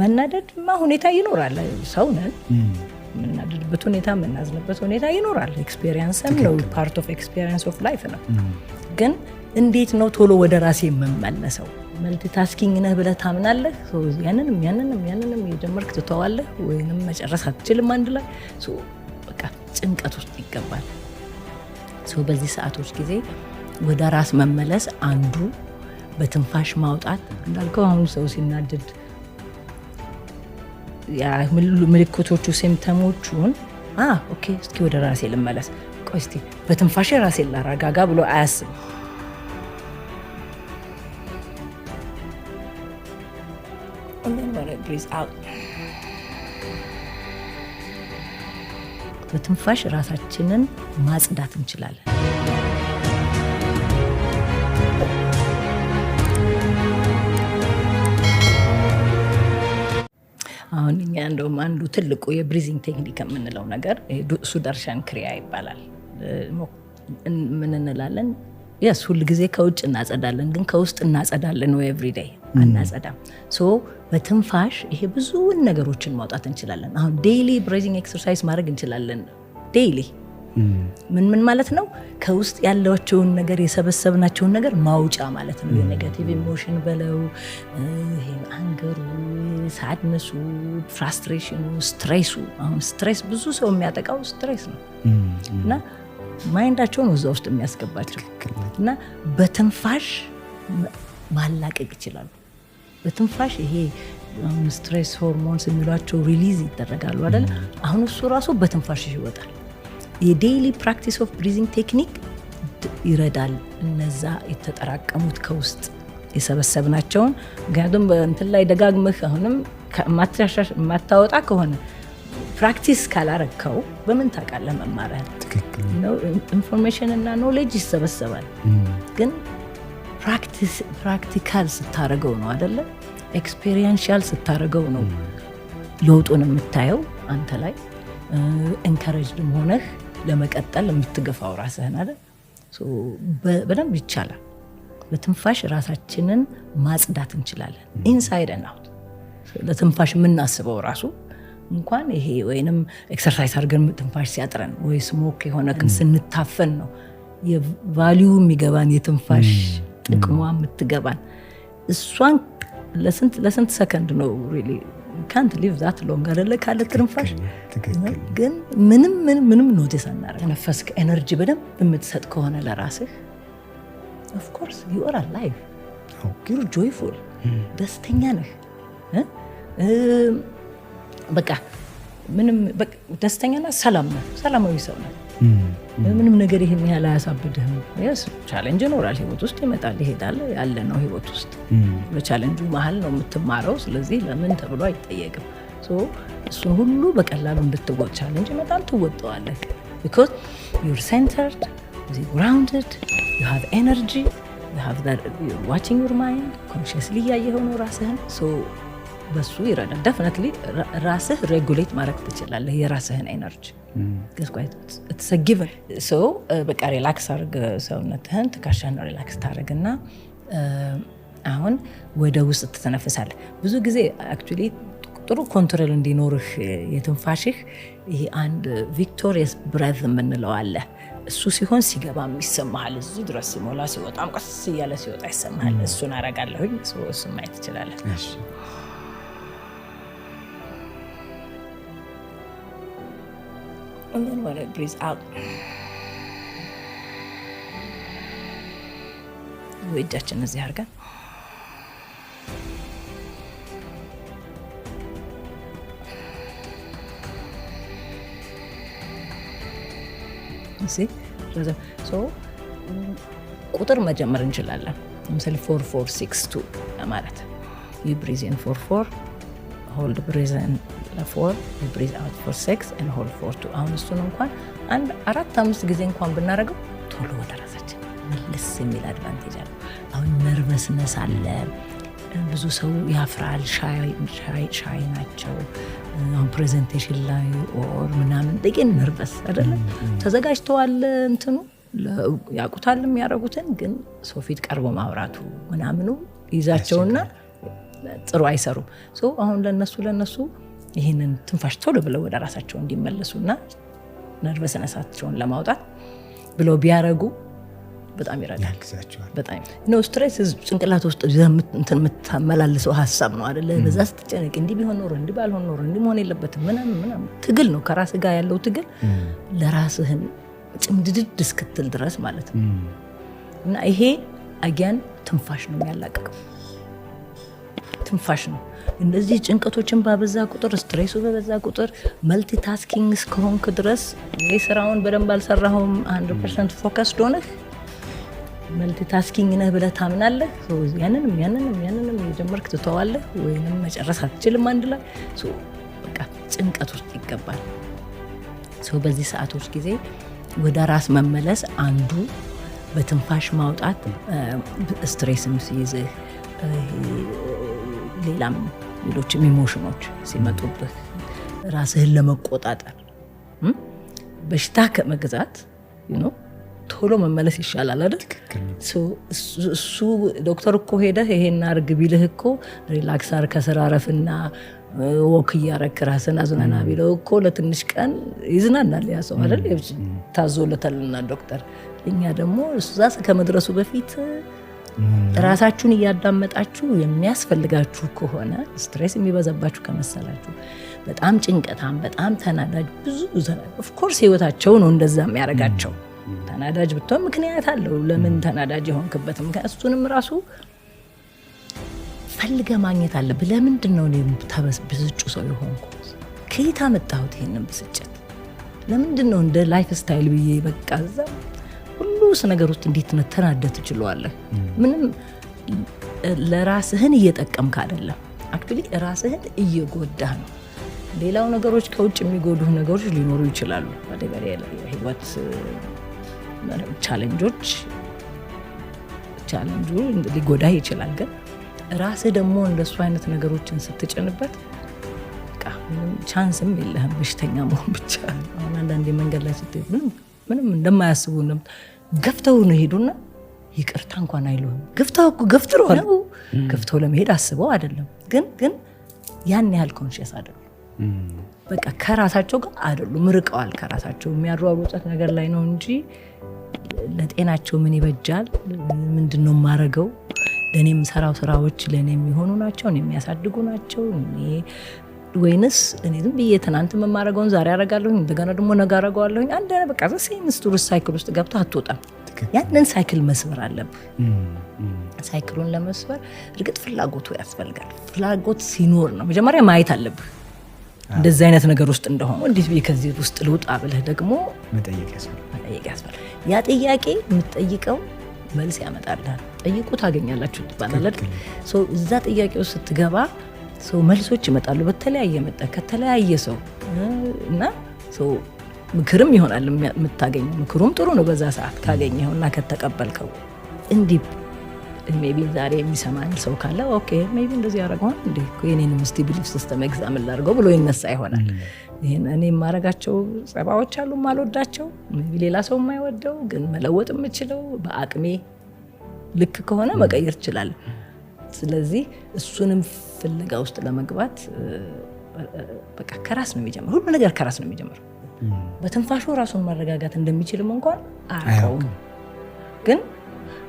መናደድማ ሁኔታ ይኖራል። ሰው ነን። የምናደድበት ሁኔታ የምናዝንበት ሁኔታ ይኖራል። ኤክስፔሪንስም ነው፣ ፓርት ኦፍ ኤክስፔሪንስ ኦፍ ላይፍ ነው። ግን እንዴት ነው ቶሎ ወደ ራሴ የምመለሰው? መልቲታስኪንግ ነህ ብለህ ታምናለህ። ያንንም ያንንም ያንንም የጀመርክ ትተዋለህ፣ ወይንም መጨረስ አትችልም። አንድ ላይ በቃ ጭንቀት ውስጥ ይገባል። በዚህ ሰዓቶች ጊዜ ወደ ራስ መመለስ አንዱ በትንፋሽ ማውጣት እንዳልከው አሁኑ ሰው ሲናደድ ምልክቶቹ ሲምተሞቹን ኦኬ እስኪ ወደ ራሴ ልመለስ፣ ቆይ እስኪ በትንፋሽ ራሴ ላረጋጋ ብሎ አያስብም። በትንፋሽ ራሳችንን ማጽዳት እንችላለን። አሁን እኛ እንደውም አንዱ ትልቁ የብሪዚንግ ቴክኒክ የምንለው ነገር ሱዳርሻን ክሪያ ይባላል። ምን እንላለን? ሁል ሁልጊዜ ከውጭ እናጸዳለን፣ ግን ከውስጥ እናጸዳለን ወይ? ኤቭሪዴይ አናጸዳም። ሶ በትንፋሽ ይሄ ብዙውን ነገሮችን ማውጣት እንችላለን። አሁን ዴይሊ ብሬዚንግ ኤክሰርሳይዝ ማድረግ እንችላለን ዴይሊ ምን ምን ማለት ነው? ከውስጥ ያለቸውን ነገር የሰበሰብናቸውን ነገር ማውጫ ማለት ነው። የኔጋቲቭ ኢሞሽን በለው ይሄ አንገሩ፣ ሳድነሱ፣ ፍራስትሬሽኑ፣ ስትሬሱ። አሁን ስትሬስ ብዙ ሰው የሚያጠቃው ስትሬስ ነው እና ማይንዳቸውን እዛ ውስጥ የሚያስገባቸው እና በትንፋሽ ማላቀቅ ይችላሉ። በትንፋሽ ይሄ ስትሬስ ሆርሞንስ የሚሏቸው ሪሊዝ ይደረጋሉ አይደለ? አሁን እሱ ራሱ በትንፋሽ ይወጣል። የዴይሊ ፕራክቲስ ኦፍ ብሪዚንግ ቴክኒክ ይረዳል። እነዛ የተጠራቀሙት ከውስጥ የሰበሰብናቸውን ምክንያቱም በእንትን ላይ ደጋግመህ አሁንም የማታወጣ ከሆነ ፕራክቲስ ካላረግከው በምን ታውቃለህ? መማሪያ ኢንፎርሜሽን እና ኖሌጅ ይሰበሰባል፣ ግን ፕራክቲካል ስታደርገው ነው አደለ? ኤክስፔሪንሻል ስታደርገው ነው ለውጡን የምታየው አንተ ላይ ኢንከረጅድም ሆነህ ለመቀጠል የምትገፋው ራስህን አለ። በደንብ ይቻላል። በትንፋሽ ራሳችንን ማጽዳት እንችላለን። ኢንሳይድ ናውት ለትንፋሽ የምናስበው ራሱ እንኳን ይሄ ወይንም ኤክሰርሳይዝ አድርገን ትንፋሽ ሲያጥረን ወይ ስሞክ የሆነ ስንታፈን ነው የቫሊዩ የሚገባን የትንፋሽ ጥቅሟ የምትገባን እሷን ለስንት ሰከንድ ነው ካንት ሊቭ ዛት ሎንግ አደለ ካለ ትንፋሽ ግን ምንም ምንም ምንም ኖቲስ አናረ ተነፈስክ ኤነርጂ በደንብ የምትሰጥ ከሆነ ለራስህ ኦፍኮርስ ዩር አላይቭ ዩር ጆይፉል ደስተኛ ነህ። በቃ ምንም ደስተኛና ሰላም ነው። ሰላማዊ ሰው ነው። ምንም ነገር ይህን ያህል አያሳብድህም። ስ ቻለንጅ ይኖራል፣ ህይወት ውስጥ ይመጣል ይሄዳል፣ ያለ ነው ህይወት ውስጥ በቻለንጁ መሀል ነው የምትማረው። ስለዚህ ለምን ተብሎ አይጠየቅም። እሱን ሁሉ በቀላሉ እንድትወቅ ቻለንጅ ይመጣል፣ ትወጠዋለህ። ቢኮዝ ዩር ሴንተርድ ግራውንድድ ዩ ሃቭ ኤነርጂ ዋችንግ ዩር ማይንድ ኮንሽስሊ እያየኸው ነው ራስህን በሱ ይረዳል። ደፍነትሊ ራስህ ሬጉሌት ማድረግ ትችላለህ የራስህን ኤነርጂ ትሰጊበን ሰው በቃ ሪላክስ አድርግ ሰውነትህን ትከሻህን ሪላክስ ታደርግና uh, አሁን ወደ ውስጥ ትተነፍሳለህ። ብዙ ጊዜ አክቹዋሊ ጥሩ ኮንትሮል እንዲኖርህ የትንፋሽህ ይህ አንድ ቪክቶሪየስ ብረት የምንለው አለ። እሱ ሲሆን ሲገባ ይሰማሃል። እዚህ ድረስ ሲሞላ ሲወጣም ቀስ እያለ ሲወጣ ይሰማል። mm. እሱን አረጋለሁኝ። እሱ ማየት ትችላለህ። and then when it breathes out, እጃችን እዚህ አድርገን ቁጥር መጀመር እንችላለን። ለምሳሌ ፎር ፎር ሲክስ ቱ ማለት ዩ ብሪዝን ፎር ፎር ሆልድ ብሪዝን ለፎር ብሪዝ አውት ፎር ሴክስ ን ሆል ፎር ቱ። አሁን እሱን እንኳን አንድ አራት አምስት ጊዜ እንኳን ብናደርገው ቶሎ ወደ ራሳችን መለስ የሚል አድቫንቴጅ አለ። አሁን ነርቨስነስ አለ። ብዙ ሰው ያፍራል። ሻይ ናቸው። አሁን ፕሬዘንቴሽን ላይ ኦር ምናምን ጥቂን ነርቨስ አይደለም። ተዘጋጅተዋል እንትኑ ያውቁታል የሚያደርጉትን ግን ሰው ፊት ቀርቦ ማውራቱ ምናምኑ ይዛቸውና ጥሩ አይሰሩም። አሁን ለነሱ ለነሱ ይህንን ትንፋሽ ቶሎ ብለው ወደ ራሳቸው እንዲመለሱና ነርቨስነሳቸውን ለማውጣት ብለው ቢያረጉ በጣም ይረዳል። ነው ስትሬስ ጭንቅላት ውስጥ የምታመላልሰው ሀሳብ ነው አደለ? በዛ ስትጨነቅ እንዲህ ቢሆን ኖሮ እንዲህ ባልሆን ኖሮ እንዲህ መሆን የለበትም ምናምን ምናምን ትግል ነው። ከራስ ጋር ያለው ትግል ለራስህን ጭምድድድ እስክትል ድረስ ማለት ነው። እና ይሄ አጊያን ትንፋሽ ነው የሚያላቀቅም ትንፋሽ ነው። እነዚህ ጭንቀቶችን ባበዛ ቁጥር፣ ስትሬሱ በበዛ ቁጥር መልቲታስኪንግ እስከሆንክ ድረስ ወይ ስራውን በደንብ አልሰራሁም አንድ ፐርሰንት ፎከስድ ሆነህ መልቲታስኪንግ ነህ ብለህ ታምናለህ። ያንንም ያንንም ያንንም የጀመርክ ትተዋለህ ወይንም መጨረስ አትችልም። አንድ ላይ በቃ ጭንቀት ውስጥ ይገባል ሰው። በዚህ ሰዓቶች ጊዜ ወደ ራስ መመለስ አንዱ በትንፋሽ ማውጣት ስትሬስም ሲይዝህ ሌላም ሌሎችም ኢሞሽኖች ሲመጡብህ ራስህን ለመቆጣጠር በሽታ ከመግዛት ቶሎ መመለስ ይሻላል አይደል? እሱ ዶክተር እኮ ሄደህ ይሄን አርግ ቢልህ እኮ ሪላክስ አር ከስራ ወክ እያረክ ራስን አዝናና ቢለው እኮ ለትንሽ ቀን ይዝናናል ያ ሰው አይደል? ታዞለታልና ዶክተር። እኛ ደግሞ እዛ ከመድረሱ በፊት ራሳችሁን እያዳመጣችሁ የሚያስፈልጋችሁ ከሆነ ስትሬስ የሚበዛባችሁ ከመሰላችሁ በጣም ጭንቀታም፣ በጣም ተናዳጅ ብዙ ኦፍኮርስ ህይወታቸው ነው እንደዛ የሚያደርጋቸው። ተናዳጅ ብትሆን ምክንያት አለው ለምን ተናዳጅ የሆንክበት እሱንም ራሱ ፈልገ ማግኘት አለ ለምንድን ነው ብስጩ ሰው የሆንኩ? ከየት አመጣሁት ይህንን ብስጭት? ለምንድን ነው እንደ ላይፍ ስታይል ብዬ በቃ በትንሽ ነገር ውስጥ እንዴት መተናደድ ትችለዋለህ? ምንም ለራስህን እየጠቀምክ አይደለም። አክቹዋሊ ራስህን እየጎዳህ ነው። ሌላው ነገሮች ከውጭ የሚጎዱህ ነገሮች ሊኖሩ ይችላሉ። ህይወት ቻለንጆች ቻለንጁ ሊጎዳ ይችላል። ግን ራስህ ደግሞ እንደሱ አይነት ነገሮችን ስትጭንበት ቻንስም የለህም። በሽተኛ መሆን ብቻ። አሁን አንዳንድ መንገድ ላይ ስትሄድ ምንም እንደማያስቡ ገፍተው ነው ሄዱና ይቅርታ እንኳን አይሉም። ገፍተው እኮ ገፍትረዋል። ገፍተው ለመሄድ አስበው አይደለም፣ ግን ግን ያን ያህል ኮንሽስ አይደሉም። በቃ ከራሳቸው ጋር አይደሉም፣ ርቀዋል ከራሳቸው የሚያሯሩጡት ነገር ላይ ነው እንጂ ለጤናቸው ምን ይበጃል፣ ምንድን ነው የማረገው፣ ለእኔ የምሰራው ስራዎች ለእኔ የሚሆኑ ናቸው፣ የሚያሳድጉ ናቸው፣ ወይንስ እኔ ዝም ብዬ ትናንት የማረገውን ዛሬ አረጋለሁኝ እንደገና ደግሞ ነገ አረገዋለሁኝ። አንድ በቃ ዘ ሴም ስቱር ሳይክል ውስጥ ገብታ አትወጣም። ያንን ሳይክል መስበር አለብህ። ሳይክሉን ለመስበር እርግጥ ፍላጎቱ ያስፈልጋል። ፍላጎት ሲኖር ነው መጀመሪያ ማየት አለብህ እንደዚህ አይነት ነገር ውስጥ እንደሆነ እንዴት ብዬ ከዚህ ውስጥ ልውጣ ብለህ ደግሞ መጠየቅ ያስፈልጋል። ያ ጥያቄ የምትጠይቀው መልስ ያመጣልሃል። ጠይቁ ታገኛላችሁ ትባላለህ። እዛ ጥያቄ ውስጥ ስትገባ ሰው መልሶች ይመጣሉ። በተለያየ መጣ ከተለያየ ሰው እና ሰው ምክርም ይሆናል የምታገኝ። ምክሩም ጥሩ ነው በዛ ሰዓት ካገኘው እና ከተቀበልከው። እንዲህ ቢ ዛሬ የሚሰማኝ ሰው ካለ ኦኬ ሜይ ቢ እንደዚህ ያደረገውን እንዲ የኔንም እስቲ ቢሊፍ ሲስተም ኤግዛምን ላድርገው ብሎ ይነሳ ይሆናል። ይህን እኔ የማረጋቸው ጸባዎች አሉ የማልወዳቸው፣ ቢ ሌላ ሰው የማይወደው ግን መለወጥ የምችለው በአቅሜ ልክ ከሆነ መቀየር እችላለሁ። ስለዚህ እሱንም ፍለጋ ውስጥ ለመግባት በቃ ከራስ ነው የሚጀምር። ሁሉ ነገር ከራስ ነው የሚጀምር። በትንፋሹ ራሱን ማረጋጋት እንደሚችልም እንኳን አያውቅም። ግን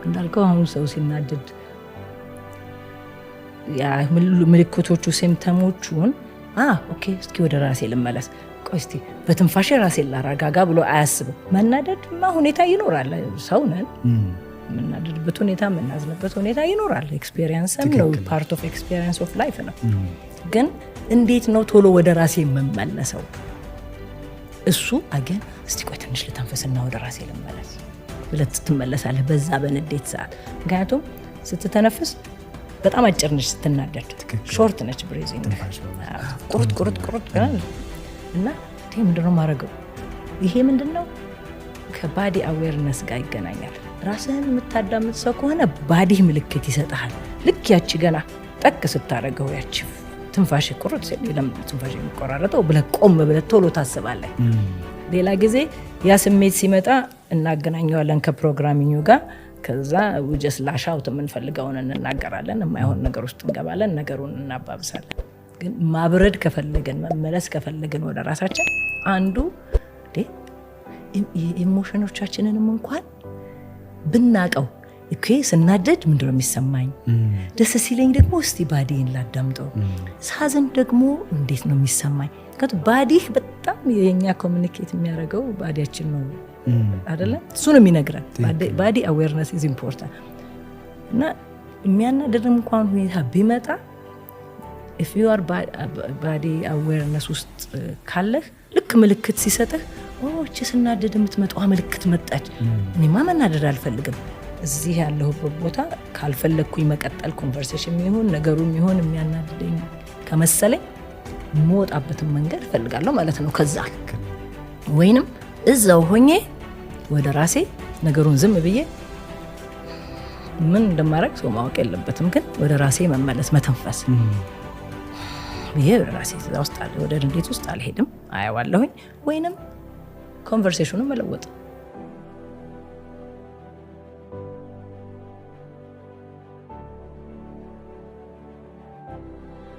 እንዳልከው አሁን ሰው ሲናደድ ምልክቶቹ ሲምተሞቹን ኦኬ፣ እስኪ ወደ ራሴ ልመለስ፣ ቆይ እስኪ በትንፋሽ ራሴ ላረጋጋ ብሎ አያስብም። መናደድማ ሁኔታ ይኖራል፣ ሰው ነን። የምናደርግበት ሁኔታ የምናዝንበት ሁኔታ ይኖራል። ኤክስፔሪንስም ነው፣ ፓርት ኦፍ ኤክስፔሪንስ ኦፍ ላይፍ ነው። ግን እንዴት ነው ቶሎ ወደ ራሴ የምመለሰው? እሱ አገን እስቲ ቆይ ትንሽ ልተንፈስና ወደ ራሴ ልመለስ ብለት ትመለሳለህ፣ በዛ በንዴት ሰዓት። ምክንያቱም ስትተነፍስ በጣም አጭር ነች፣ ስትናደድ ሾርት ነች። ብሬዚንግ ቁርጥ ቁርጥ ቁርጥ እና ምንድነው ማድረገው? ይሄ ምንድን ነው ከባዲ አዌርነስ ጋር ይገናኛል። ራስህን የምታዳምጥ ሰው ከሆነ ባዲህ ምልክት ይሰጠሃል። ልክ ያቺ ገና ጠቅ ስታደርገው ያች ትንፋሽ ቁርጥ ትንፋሽ የሚቆራረጠው ብለህ ቆም ብለህ ቶሎ ታስባለህ። ሌላ ጊዜ ያ ስሜት ሲመጣ እናገናኘዋለን ከፕሮግራሚኙ ጋር። ከዛ ውጀስ ላሻውት የምንፈልገውን እንናገራለን። የማይሆን ነገር ውስጥ እንገባለን። ነገሩን እናባብሳለን። ግን ማብረድ ከፈለግን መመለስ ከፈለግን ወደ ራሳችን አንዱ ኢሞሽኖቻችንንም እንኳን ብናቀው እኮ ስናደድ ምንድነው የሚሰማኝ፣ ደስ ሲለኝ ደግሞ እስቲ ባዲን ላዳምጠው፣ ሳዘን ደግሞ እንዴት ነው የሚሰማኝ። ምክንያቱም ባዲህ በጣም የኛ ኮሚኒኬት የሚያደርገው ባዲያችን ነው አደለ? እሱ ነው የሚነግረን። ባዲ አዌርነስ ኢዝ ኢምፖርታንት እና የሚያናደድም እንኳን ሁኔታ ቢመጣ ኢፍ ዩ አር ባዲ አዌርነስ ውስጥ ካለህ ልክ ምልክት ሲሰጥህ ች ስናደድ የምትመጣ ምልክት መጣች። እኔማ መናደድ አልፈልግም። እዚህ ያለሁበት ቦታ ካልፈለግኩኝ መቀጠል ኮንቨርሴሽን የሚሆን ነገሩ የሚሆን የሚያናድደኝ ከመሰለኝ የምወጣበትን መንገድ እፈልጋለሁ ማለት ነው። ከዛ ወይንም እዛው ሆኜ ወደ ራሴ ነገሩን ዝም ብዬ ምን እንደማድረግ ሰው ማወቅ የለበትም፣ ግን ወደ ራሴ መመለስ መተንፈስ። ይሄ ወደ ራሴ እዛ ውስጥ ወደ ድንዴት ውስጥ አልሄድም፣ አያዋለሁኝ ወይንም ኮንቨርሴሽኑን መለወጥ